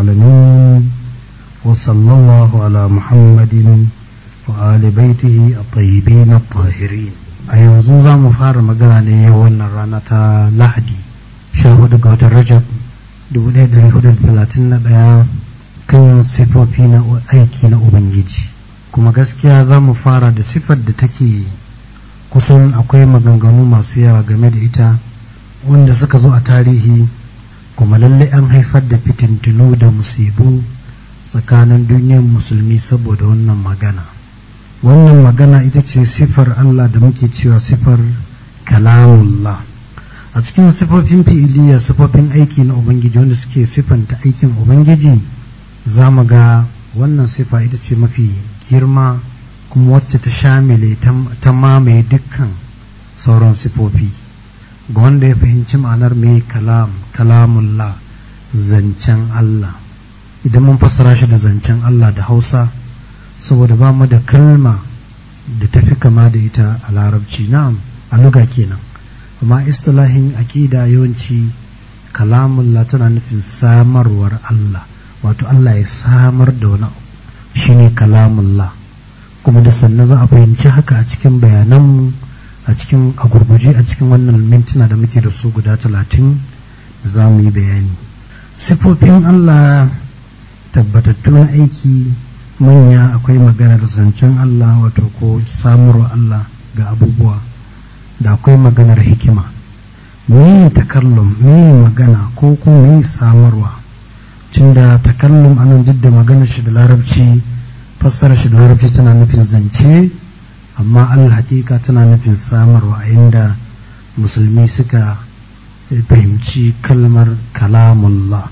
العالمين وصلى الله على محمد وآل بيته الطيبين الطاهرين أيوة زوزا مفار مقالة يوانا رانا لحدي شاهد قوت الرجب دولة دريخد الثلاثين بيان kan sifofi na aiki na ubangiji kuma gaskiya za mu fara da sifar da take kusan akwai maganganu masu yawa game da ita wanda suka zo a tarihi kuma lalle an haifar da fitintunu da musibu tsakanin duniyar musulmi saboda wannan magana wannan magana ita ce sifar Allah da muke cewa sifar kalamullah a cikin sifofin fi'iliya sifofin aiki na ubangiji wanda suke sifanta aikin ubangiji za mu ga wannan sifa ita ce mafi girma kuma wacce ta shamile ta mamaye dukkan sauran sifofi ga wanda ya fahimci ma'anar mai kalam kalamullah zancen Allah idan mun fassara shi da zancen Allah da Hausa saboda ba mu da kalma da tafi kama da ita a larabci na'am a luga kenan amma istilahin akida yawanci kalamullah tana nufin samarwar Allah wato Allah ya samar da wani shine kalamullah kuma da sannan za a fahimci haka a cikin bayananmu a cikin a gurguje a cikin wannan mintuna da muke da su guda talatin za mu yi bayani sifofin allah tabbatattu na aiki manya akwai maganar zancen allah wato ko samarwa allah ga abubuwa da akwai maganar hikima meye takallum meye magana ko kuma meye samarwa tunda takallum anan duk da maganar shi da larabci fassara shi da larabci tana nufin zance amma haƙiƙa tana nufin samarwa a inda musulmi suka fahimci kalmar kalamullah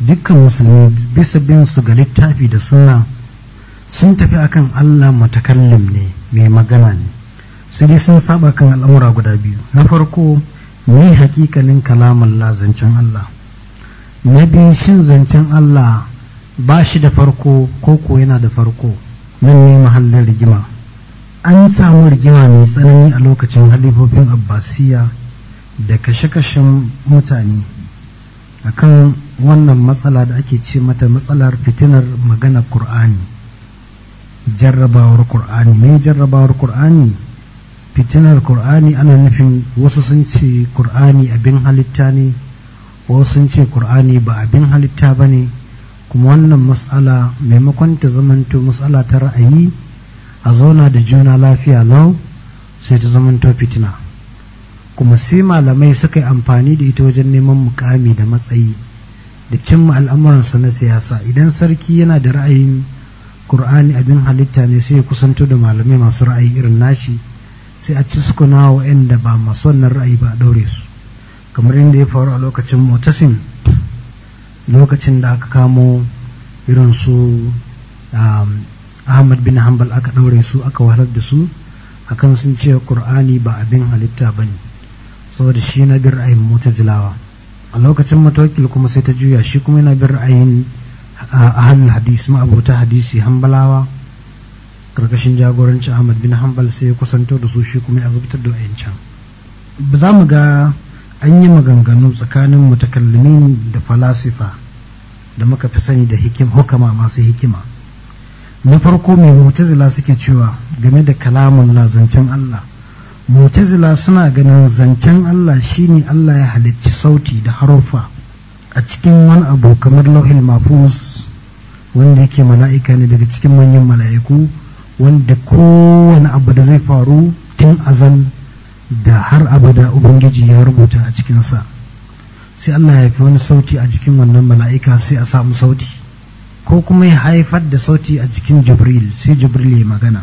dukkan musulmi bisa bin su ga littafi da suna sun tafi akan Allah matakallim ne mai magana ne Su dai sun saba kan al'amura guda biyu na farko ne haƙiƙanin kalamun la zancen Allah na biyu shin zancen Allah ba shi da farko ko ko yana da farko nan ne mahallin rigima an samu rigima mai tsanani a lokacin halifofin abbasiya da kashe-kashen mutane a kan wannan matsala da ake ce mata matsalar fitinar maganar ƙur'ani jarrabawar ƙur'ani mai jarrabawar ƙur'ani fitinar ƙur'ani ana nufin wasu sun ce ƙur'ani abin halitta ne wasu sun ce ƙur'ani ba abin halitta ba ne kuma wannan matsala maimakon ta zamanto matsala ta ra'ayi a zauna da juna lafiya lau sai ta zama fitina kuma sai malamai suka yi amfani da ita wajen neman mukami da matsayi da cimma al'amuransa na siyasa idan sarki yana da ra'ayin ƙur'ani abin halitta ne sai ya kusanto da malamai masu ra'ayi irin nashi sai a ciskuna wa'anda ba masu wannan ra'ayi ba a ɗaure su kamar inda ya faru a lokacin motasin lokacin da aka kamo irin su um, ahmad bin hanbal aka ɗaure su aka wahalar da su akan sun ce qur'ani ba abin halitta ba ne saboda shi na bin ra'ayin mutazilawa a lokacin matawakil kuma sai ta juya shi kuma yana bin ra'ayin ahalul hadis ma'abota hadisi hanbalawa karkashin jagoranci ahmad bin hanbal sai ya kusanto da su shi kuma ya zubtar da can ba za mu ga an yi maganganu tsakanin mutakallimin da falasifa da muka fi sani da hukama masu hikima na farko mai mutazila suke cewa game da kalamun zancen Allah mutazila suna ganin zancen Allah shine Allah ya halicci sauti da harufa a cikin wani abu kamar lauhin mafus wanda yake mala'ika ne daga cikin manyan mala'iku wanda kowane abu da zai faru tun azal da har abada ubangiji ya rubuta a cikinsa sai Allah ya fi wani sauti a jikin wannan mala'ika sai a samu sauti ko kuma ya haifar da sauti a jikin jibril sai jibril ya magana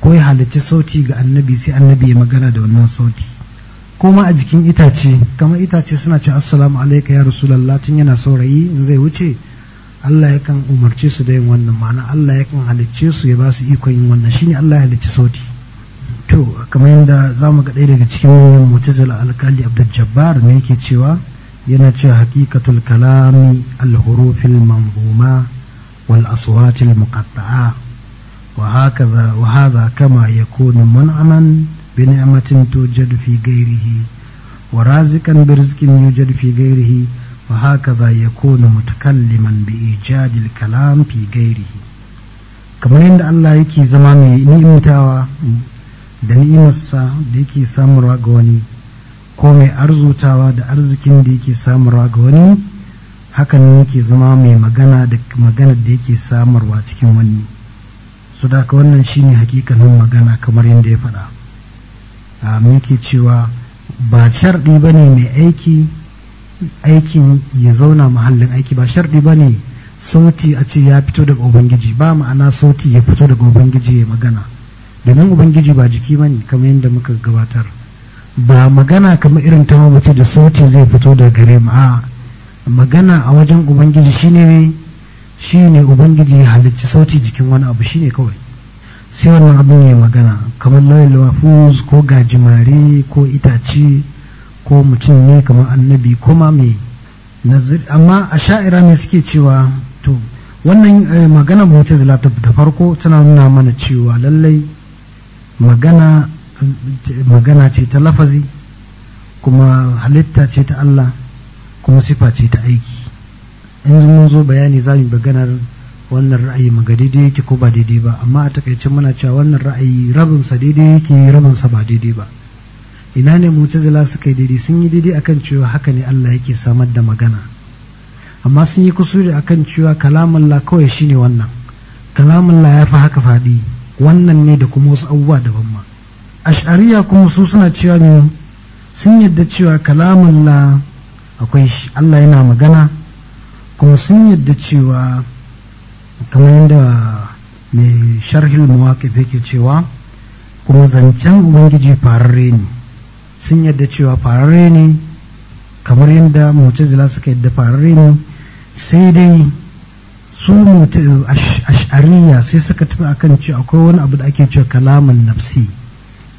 ko ya halicci sauti ga annabi sai annabi ya magana da wannan sauti ko ma a jikin itace kamar itace suna ce assalamu alaika ya rasulallah tun yana saurayi in zai wuce Allah ya kan umarce su da yin wannan ma'ana Allah ya kan halicce su ya ba su ikon yin wannan shine Allah ya halicci sauti to kamar yadda za mu ga ɗaya daga cikin wannan mutazila alkali abdul jabbar ne yake cewa yana cewa hakikatul kalami alhurufil manzuma والأصوات المقطعة وهكذا وهذا كما يكون منعما بنعمة توجد في غيره ورازقا برزق يوجد في غيره وهكذا يكون متكلما بإيجاد الكلام في غيره كما أن الله يكي زماني نئم تاوى دنئم السا ديكي سامر واغوني كومي أرزو تاوى دا أرزكين ديكي سامر hakan yake zama mai magana da magana da yake samarwa cikin wani su daga wannan shine hakikanin magana kamar yadda ya faɗa a ah, muke cewa ba sharɗi ba ne mai aiki aikin ya zauna mahallin aiki ba sharɗi ba ne sauti a ce ya fito daga ubangiji ba ma'ana sauti ya fito daga ubangiji ya magana domin ubangiji ba jiki ba ne kamar yadda muka gabatar ba magana kamar irin ta mace da sauti zai fito daga gare mu magana a wajen ubangiji shine shine ubangiji ya halicci sauti jikin wani abu shine kawai sai wannan abu ya magana kamar lawal wafuz ko gajimare ko itace ko mutum ne kamar annabi ko ma mai nazir amma a sha'ira ne suke cewa to wannan eh, magana mu'tazila ta da farko tana nuna mana cewa lallai magana magana ce ta lafazi kuma halitta ce ta Allah kuma sifa ce ta aiki in mun zo bayani za mu maganar wannan ra'ayi ga daidai yake ko ba daidai ba amma a takaicin muna cewa wannan ra'ayi rabinsa daidai yake rabinsa ba daidai ba ina ne mutazila suka yi daidai sun yi daidai akan cewa haka ne Allah yake samar da magana amma sun yi kusuri akan cewa kalamun la kawai shine wannan kalamun la ya fi haka faɗi wannan ne da kuma wasu abubuwa daban ma ash'ariya kuma su suna cewa ne sun yadda cewa kalamun la akwai shi Allah yana magana kuma sun yadda cewa kamar yadda mai sharhil mawaƙif yake cewa kuma zancen ubangiji fararre ne sun yadda cewa fararre ne kamar yadda jila suka yadda fararre ne sai dai su ash'ariya sai suka tafi akan cewa akwai wani abu da ake cewa kalaman nafsi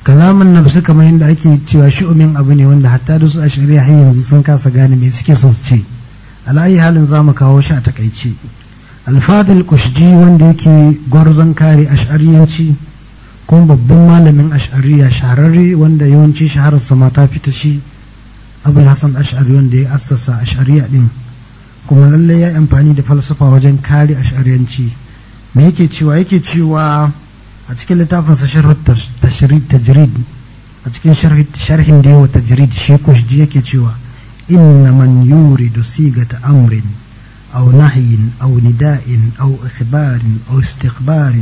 kalaman nafsu kamar yadda ake cewa shi'umin abu ne wanda hatta da su a shari'a har yanzu sun kasa gane mai suke so su ce alayi halin za mu kawo shi a takaice alfadil kushji wanda yake gwarzon kare ash'ariyanci kuma babban malamin ash'ariya shahararre wanda yawanci shahararsa ma ta fita shi abul hasan ash'ari wanda ya assasa ash'ariya din kuma lallai ya amfani da falsafa wajen kare ash'ariyanci me yake cewa yake cewa a cikin littafinsa sharhut تشريد تجريد لكن شرح شرح دي وتجريد شيكوش دي كيتشوا ان من يورد صيغه امر او نهي او نداء او اخبار او استقبار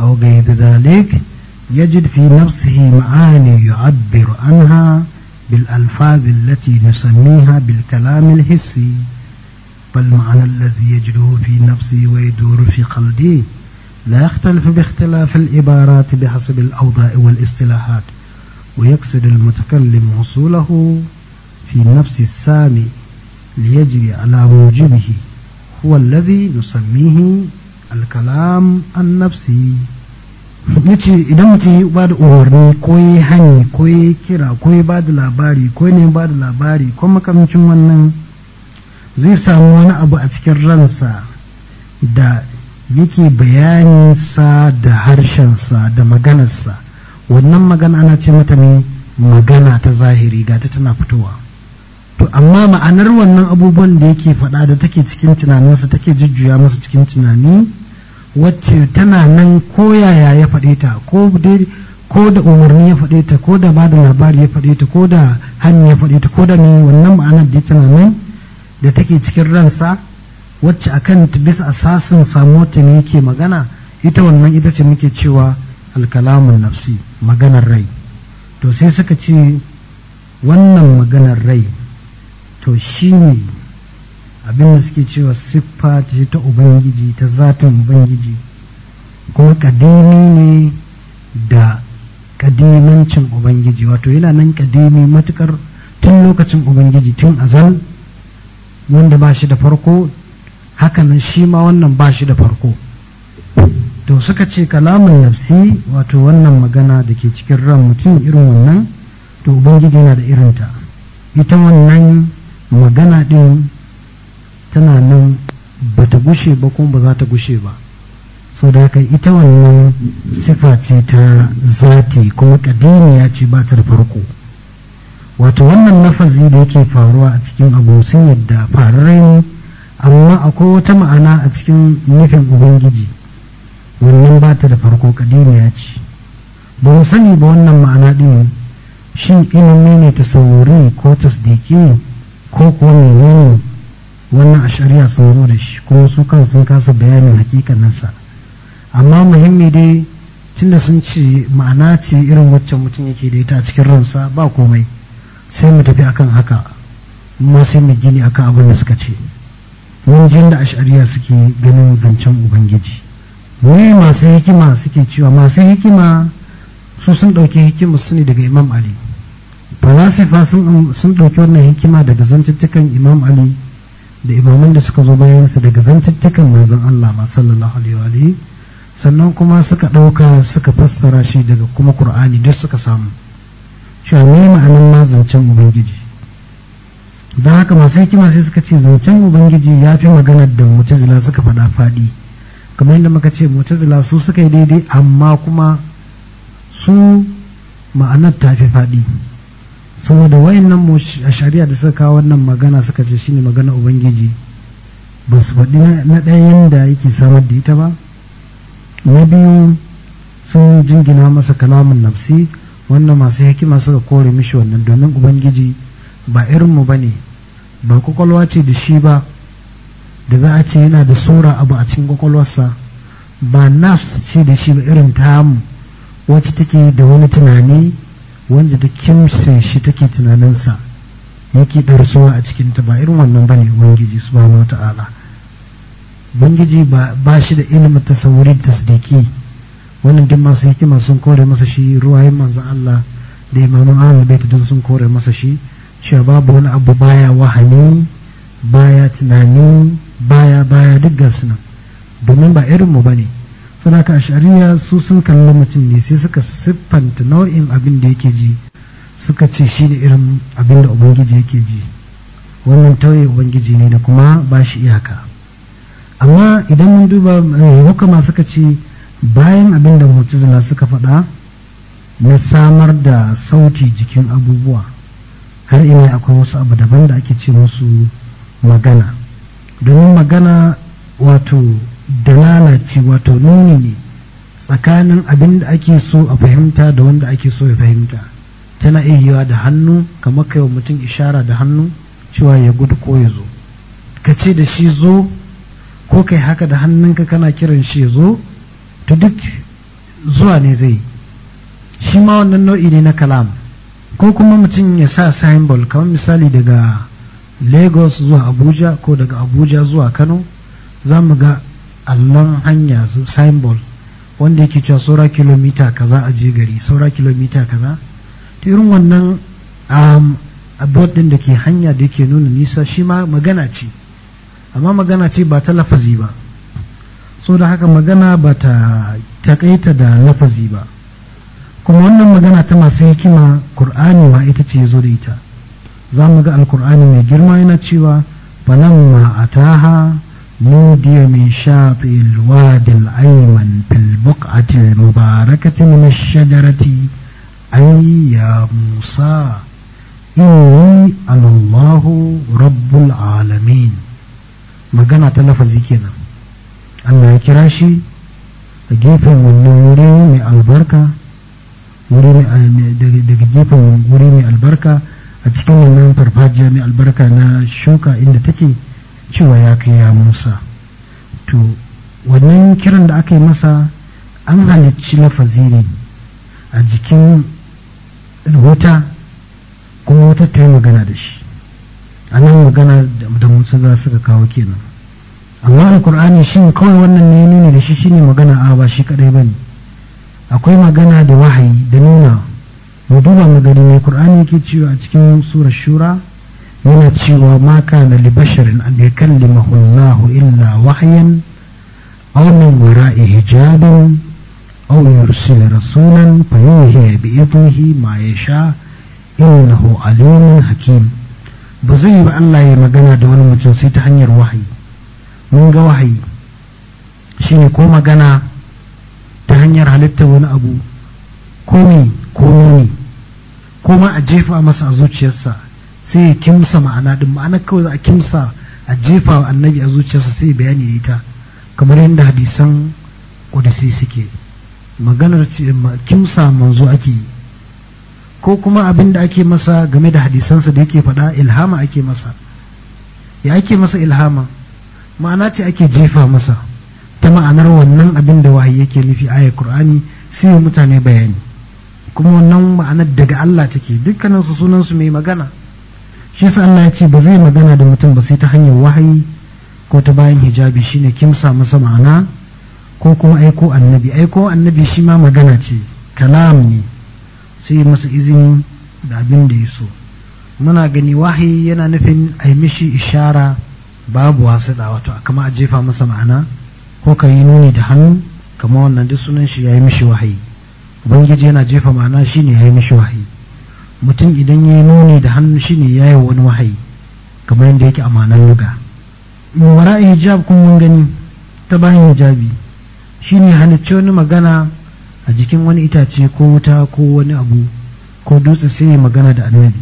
او غير ذلك يجد في نفسه معاني يعبر عنها بالالفاظ التي نسميها بالكلام الحسي فالمعنى الذي يجده في نفسه ويدور في قلبه لا يختلف باختلاف العبارات بحسب الأوضاع والاصطلاحات ويقصد المتكلم وصوله في نفس السامي ليجري على موجبه هو الذي نسميه الكلام النفسي yace idan mutum ya ba da umarni ko ya hanyi ko ya kira ko ya ba da labari ko ne ba da labari ko makamcin wannan zai samu wani abu a cikin ransa da yake bayaninsa da harshensa da maganarsa wannan magana ana ce mata ne magana ta zahiri gata tana fitowa to amma ma'anar wannan abubuwan da yake faɗa da take cikin tunaninsa take jujjuya masa cikin tunani wacce tana nan ko yaya ya faɗe ta ko da umarni ya faɗe ta ko da ba labari ya faɗe ta ko da hanya ya faɗe ta ko da ne wannan ma'anar da tana nan da take cikin ransa wacce a kan bisa asasin samota ne yake magana ita wannan ita ce muke cewa alkalamun nafsi maganar rai to sai suka ce wannan maganar rai to shi abin da suke cewa siffa ce ta ubangiji ta zatin ubangiji kuma kadimi ne da kadimancin ubangiji wato yana nan kadimi matukar tun lokacin ubangiji tun azal wanda ba shi da farko hakanan shi ma wannan ba shi da farko to suka ce kalamun nafsi wato wannan magana da ke cikin ran mutum irin wannan to ubangiji yana da irinta ita wannan magana din tana nan ba ta gushe ba kuma ba za ta gushe ba so da haka ita wannan sifa ce ta zati kuma kadiniya ce ba ta da farko wato wannan lafazi da yake faruwa a cikin abu sun yadda fararrai ne amma akwai wata ma'ana a cikin nufin ubangiji wannan ba ta da farko kadiriya ya ce ba mu sani ba wannan ma'ana ɗin shi ilimi ne ta saurari ko tasdiki ko kuwa menene wannan a shari'a sun zo da shi kuma su kan sun kasa bayanin hakikaninsa amma muhimmi dai tunda sun ce ma'ana ce irin waccan mutum yake da ita a cikin ransa ba komai sai mu tafi akan haka amma sai mu gini akan abin da suka ce wajen da ashariya suke ganin zancen ubangiji ne masu hikima suke cewa masu hikima su sun ɗauki hikima su ne daga imam ali falasifa sun ɗauki wannan hikima daga zancen imam ali da imaman da suka zo bayan su daga zancen manzon Allah ma sallallahu alaihi sannan kuma suka ɗauka suka fassara shi daga kuma kur'ani duk suka samu shi ne ma'anar ma zancen ubangiji don haka masu hikima sai suka ce zancen ubangiji ya fi maganar da mutazila suka faɗa faɗi kamar yadda muka ce mutazila su suka yi daidai amma kuma su ma'anar ta fi faɗi saboda wayannan a shari'a da suka kawo wannan magana suka ce shine magana ubangiji ba su faɗi na ɗayan da yake samar da ita ba na biyu sun jingina masa kalamin nafsi wannan masu hikima suka kore mishi wannan domin ubangiji ba irinmu ba ne ba kwakwalwa ce da shi ba da za a ce yana da sura abu a cikin kwakwalwarsa ba nafs ce da shi ba irin tamu wacce take da wani tunani wanda da kimse shi take tunaninsa yake ɗarsuwa a cikinta ba irin wannan ba bani ubangiji subhanahu wata'ala ubangiji ba shi da ilimin tasawuri tasdiki wannan duk masu hikima sun kore masa shi ruwayen manzan Allah da imamu Ahmad bai don sun kore masa shi cewa babu wani abu baya wahani baya tunani baya baya duk gasu nan domin ba irinmu ba ne sadaka a shari'a su sun kalli mutum ne sai suka siffanta nau'in abin da yake ji suka ce shi ne irin abin da ubangiji yake ji wannan tauye ubangiji ne da kuma ba shi iyaka amma idan mun duba eh, hukama suka ce bayan abin da mutuzula suka faɗa na samar da sauti jikin abubuwa har ina akwai wasu abu daban da ake ce musu magana domin magana wato dalala ce wato nuni ne tsakanin abin da ake so a fahimta da wanda ake so ya fahimta tana iya yiwa da hannu kamar kai wa mutum ishara da hannu cewa ya gudu ko ya zo ka ce da shi zo ko kai haka da hannunka kana kiran shi zo to duk zuwa ne zai shi ma wannan nau'i ne na kalam ko kuma mutum ya sa symbol kamar misali daga lagos zuwa abuja ko daga abuja zuwa kano za mu ga allon hanya symbol wanda yake cewa saura kilomita kaza a je gari saura kilomita kaza ta irin wannan abot um, din da ke hanya da ke nuna nisa shi ma magana ce amma magana ce ba ta lafazi ba so da haka magana ba ta takaita da lafazi ba kuma wannan magana ta masu hikima ƙur'ani ma ita ce zo da ita za mu ga alƙur'ani mai girma yana cewa ma ataha nudiya min shafi'il wadil ayman fil buq'atil mubarakati min ash-shajarati ay ya musa inni anallahu rabbul alamin magana ta lafazi kenan Allah ya kira shi a gefen wannan wuri mai albarka wuri eh, daga gefen wuri mai albarka a cikin wannan farfajiya mai albarka na shuka inda take cewa ya kai ya musa to wannan kiran da aka yi masa an halicci lafazi ne a jikin wuta kuma wata ta yi magana da shi a nan magana da musa za su ga kawo kenan amma alkur'ani shi kawai wannan ne nuna da shi shine magana a ba shi kadai ba ne. akwai magana da wahayi da nuna mu duba magani mai qur'ani yake cewa a cikin surar shura yana cewa ma kana li basharin an yukallimahu illa wahyan aw min wara'i hijabin aw yursila rasulan fayuhi bi idhihi ma yasha innahu alimun hakim ba zai yi ba Allah ya magana da wani mutum sai ta hanyar wahayi mun ga wahayi shine ko magana ta hanyar halittar wani abu ni ko nuni ko ma a jefa masa a zuciyarsa sai ya kimsa ma'ana din ma'ana kawai za a kimsa a jefa wa annabi a zuciyarsa sai bayani ita kamar yadda hadisan kudisi suke maganar kimsa manzo ake yi ko kuma abin da ake masa game da hadisansa da yake faɗa ilhama ake masa ya ake masa ilhama ma'ana ce ake jefa masa ta ma'anar wannan abin da wahayi yake nufi ayar Qur'ani sai mutane bayani kuma wannan ma'anar daga Allah take dukkanin su sunan su mai magana shi yasa Allah ya ce ba zai magana da mutum ba sai ta hanyar wahayi ko ta bayan hijabi shine kimsa masa ma'ana ko kuma aiko annabi aiko annabi shi ma magana ce kalam ne sai masa izini da abin da ya so muna gani wahayi yana nufin a mishi ishara babu wasu wato kama a jefa masa ma'ana ko ka yi nuni da hannu kamar wannan duk sunan shi ya yi mishi wahayi ubangiji yana jefa ma'ana shi ne ya yi mishi wahayi mutum idan ya yi nuni da hannu shi ne ya yi wani wahayi kamar yadda yake a ma'anar yoga wara hijab kun mun gani ta bayan hijabi shi ne halicci wani magana a jikin wani itace ko wuta ko wani abu ko dutse sai magana da annabi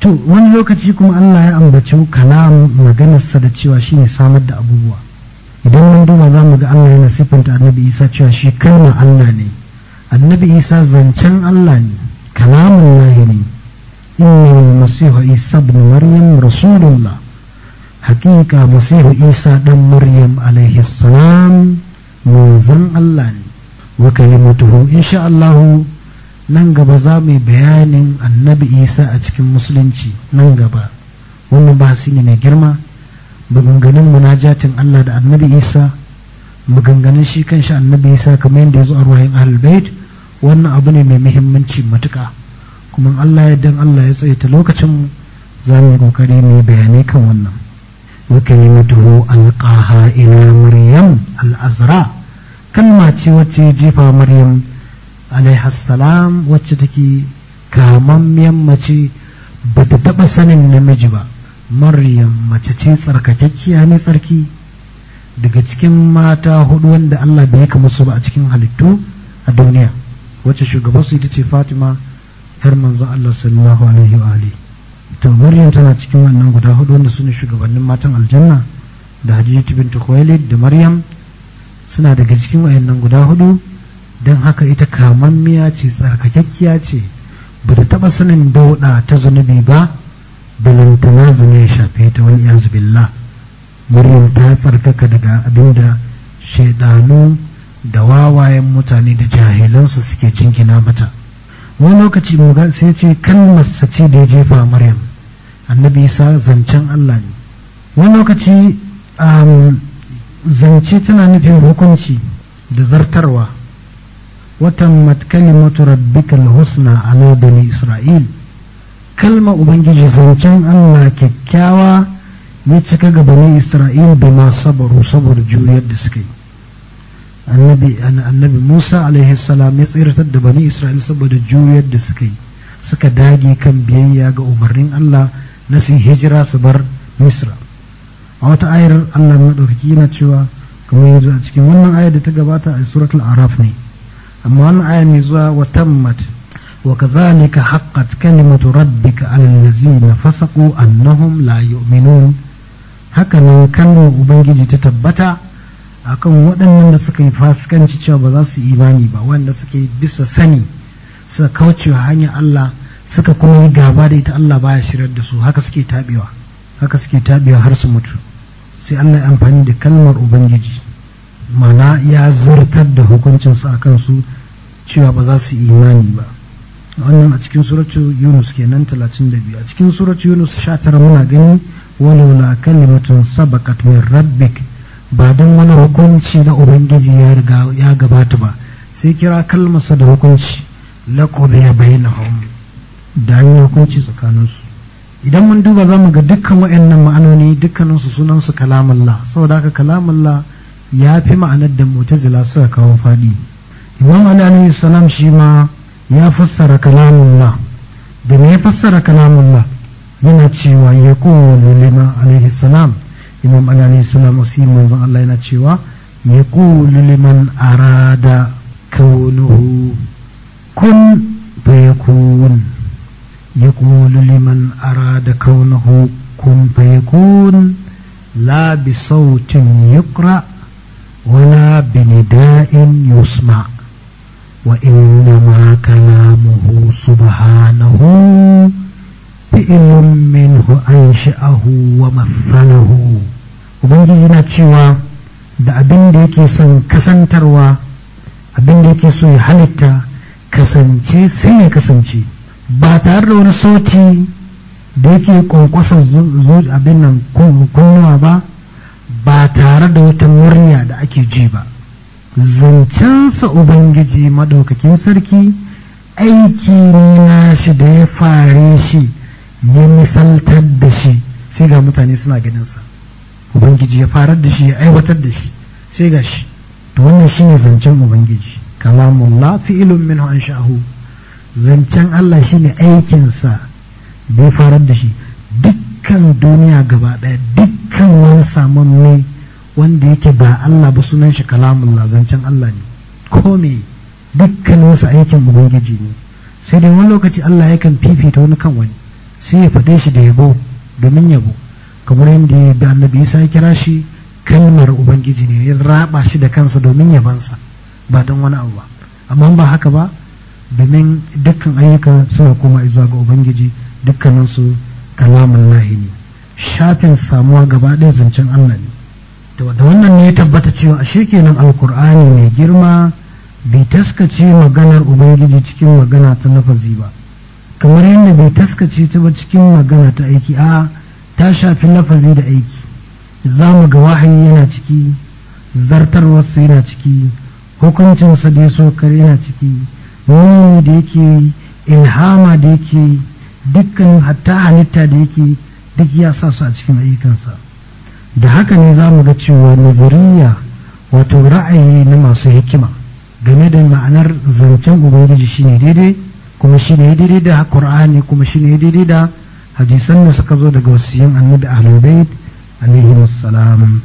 to wani lokaci kuma Allah ya ambaci kalam maganarsa da cewa shi ne samar da abubuwa idan mun duba za mu ga Allah yana siffanta annabi isa cewa shi kalma Allah ne annabi isa zancen Allah ne kalamun lahi ne inna masihu isa ibn maryam rasulullah hakika masihu isa dan maryam alaihi salam manzon Allah ne wa kalimatuhu insha Allah nan gaba za mu bayanin annabi isa a cikin musulunci nan gaba wannan ba ne mai girma maganganun munajatin Allah da annabi Isa maganganun shi kan shi annabi Isa kamar yadda ya a ruwayin ahlul wannan abu ne mai muhimmanci matuka kuma Allah ya dan Allah ya tsaita lokacin za mu kokari mu bayanai kan wannan Maryam وكلمته ce wacce jifa Maryam alaiha salam wacce take kamammiyan mace bata taɓa sanin namiji ba. maryam mace ce tsarkakakkiya ne tsarki daga cikin mata hudu wanda Allah bai yaka musu ba a cikin halittu a duniya wacce su ita ce Fatima har manzo Allah sallallahu alaihi wa ali to Maryam tana cikin wannan guda hudu wanda sune shugabannin matan aljanna da Hajiji bintu Khuwailid da Maryam suna daga cikin wayannan guda hudu dan haka ita kamammiya ce tsarkakakkiya ce bata taba sanin dauda ta zunubi ba balantana zane ya shafe ta wani yanzu billah muryan ta tsarkaka daga abinda shaidanu da wawayen mutane da jahilansu suke jingina mata wani lokaci muga sai ce kalmar sace da ya jefa maryam annabi isa zancen allah ne wani lokaci um, zance tana nufin hukunci da zartarwa watan matkalimatu rabbikal husna a bani isra'il kalmar ubangiji zancen allah kyakkyawa ya cika ga bani isra'il bi ma sabaru saboda juriyar da suka annabi musa alaihi salam ya tsiratar da bani isra'il saboda juriyar da suka suka dage kan biyayya ga umarnin allah na su hijira su bar misra a wata ayar allah ɗauki yana cewa kamar yanzu a cikin wannan ayar da ta gabata a suratul araf ne amma wannan ayar mai zuwa wa tammat وكذلك حقت كلمة ربك على الذين فسقوا أنهم لا يؤمنون هكذا ubangiji أبنجي tabbata akan waɗannan da suka yi fasikanci cewa ba za su imani ba wanda suka yi bisa sani suka kauce wa hanyar Allah suka kuma yi gaba da ita Allah baya shirar da su haka suke tabewa haka suke tabewa har su mutu sai Allah ya amfani da kalmar ubangiji mana ya zartar da hukuncinsu a kansu cewa ba za su imani ba wannan a cikin suratu yunus kenan biyu a cikin suratu yunus 19 muna gani wani walaula kalimatun sabakat min rabbik ba don wani hukunci na ubangiji ya riga gabata ba sai kira kalmasa da hukunci laqudiya bainahum da yi hukunci tsakaninsu idan mun duba za mu ga dukkan waɗannan ma'anoni dukkaninsu sunansu kalamullah saboda haka kalamullah ya fi ma'anar da mutazila suka kawo fadi imam salam shi ma ya fassara kalamullah da me ya fassara kalamullah yana cewa ya kowane lima alaihi salam imam ali alaihi salam wasu yi manzon Allah yana cewa ya kowane liman arada kaunuhu kun fayakun ya kowane liman arada kaunuhu kun fayakun la bi sautin yukra wala bi nida'in yusma' وإنما كلامه سبحانه فعل منه أنشأه ومثله ubangiji na cewa da abin da yake son kasantarwa abin da yake so ya halitta kasance sai ya kasance ba tare da wani soti da yake kwankwasa abin nan kunnuwa ba ba tare da wata murya da ake ji ba zancensa ubangiji maɗaukakin sarki aiki ne shi da ya fare shi ya misaltar da shi sai ga mutane suna ganinsa ubangiji ya farar da shi ya aiwatar da shi sai ga shi to wannan shine zancen ubangiji kalamullah fi'ilun min an sha'ahu zancen Allah shine aikinsa bai farar da shi dukkan duniya gaba ɗaya dukkan wani samun mai wanda yake ba Allah ba sunan shi kalamun zancen Allah ne ko me dukkanin wasu aikin ubangiji ne sai dai wani lokaci Allah yakan fifita wani kan wani sai ya faɗa shi da yabo domin yabo kamar yadda ya da annabi ya sai kira shi kalmar ubangiji ne ya raba shi da kansa domin yabansa ba don wani abu ba amma ba haka ba domin dukkan ayyuka suna koma izuwa ga ubangiji dukkaninsu kalamun lahi ne shafin samuwa gaba ɗaya zancen Allah ne da wannan ne tabbata cewa ashe kenan alkur'ani mai girma bai taskace maganar ubangiji cikin magana ta lafazi ba kamar yadda bai taskace ta ba cikin magana ta aiki a ta shafi lafazi da aiki za mu ga wahayi yana ciki zartarwarsa yana ciki hukuncinsa da ya sokar yana ciki nuni da yake ilhama da yake dukkan hatta halitta da yake duk ya sa su a cikin ayyukansa da haka ne za mu ga cewa nazariya wato ra'ayi na masu hikima game da ma'anar zancen ubangiji shine daidai kuma shine daidai da qur'ani kuma shine daidai da hadisan da suka zo daga siyan annabi ahlul bait alaihi wassalam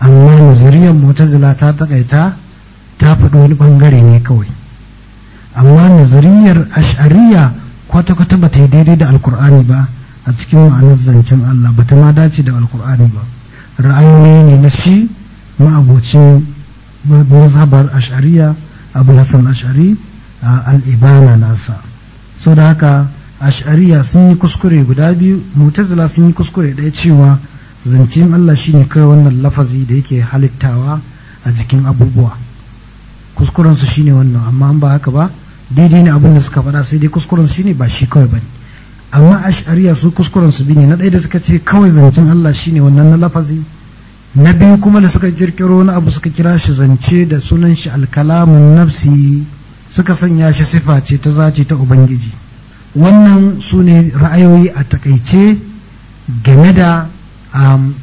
amma nazariyar mu'tazila ta takaita ta faɗi wani bangare ne kawai amma nazariyar ash'ariya kwata-kwata ba ta yi daidai da alkur'ani ba a cikin ma'anar zancen Allah ba ta ma dace da alkur'ani ba ra'ayoyi ne na shi ma'abocin mazhabar ashariya abu hassan ashari a al'ibana nasa so da haka ashariya sun yi kuskure guda biyu mutazila sun yi kuskure ɗaya cewa zancen allah shine kai wannan lafazi da yake halittawa a jikin abubuwa kuskurensu shine wannan amma ba haka ba daidai ne abin da suka faɗa sai dai shi shine ba shi kawai bane amma ash'ariya su kuskuren su ne na ɗaya da suka ce kawai zancen Allah shine wannan na lafazi na biyu kuma da suka kirkiro wani abu suka kira shi zance da sunan shi alkalamun nafsi suka sanya shi sifa ce ta zaci ta ubangiji wannan su ne ra'ayoyi a takaice game da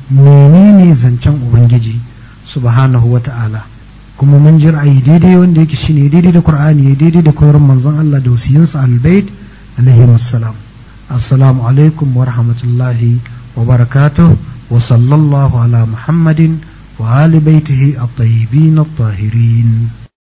menene zancen ubangiji subhanahu wa ta'ala kuma mun ji ra'ayi daidai wanda yake shine daidai da qur'ani daidai da koyar manzon Allah da wasiyinsa albait alaihi wassalam assalamu alaikum wa rahmatullahi wa barakatuh wa sallallahu ala muhammadin wa ali baitihi at-tayyibin at-tahirin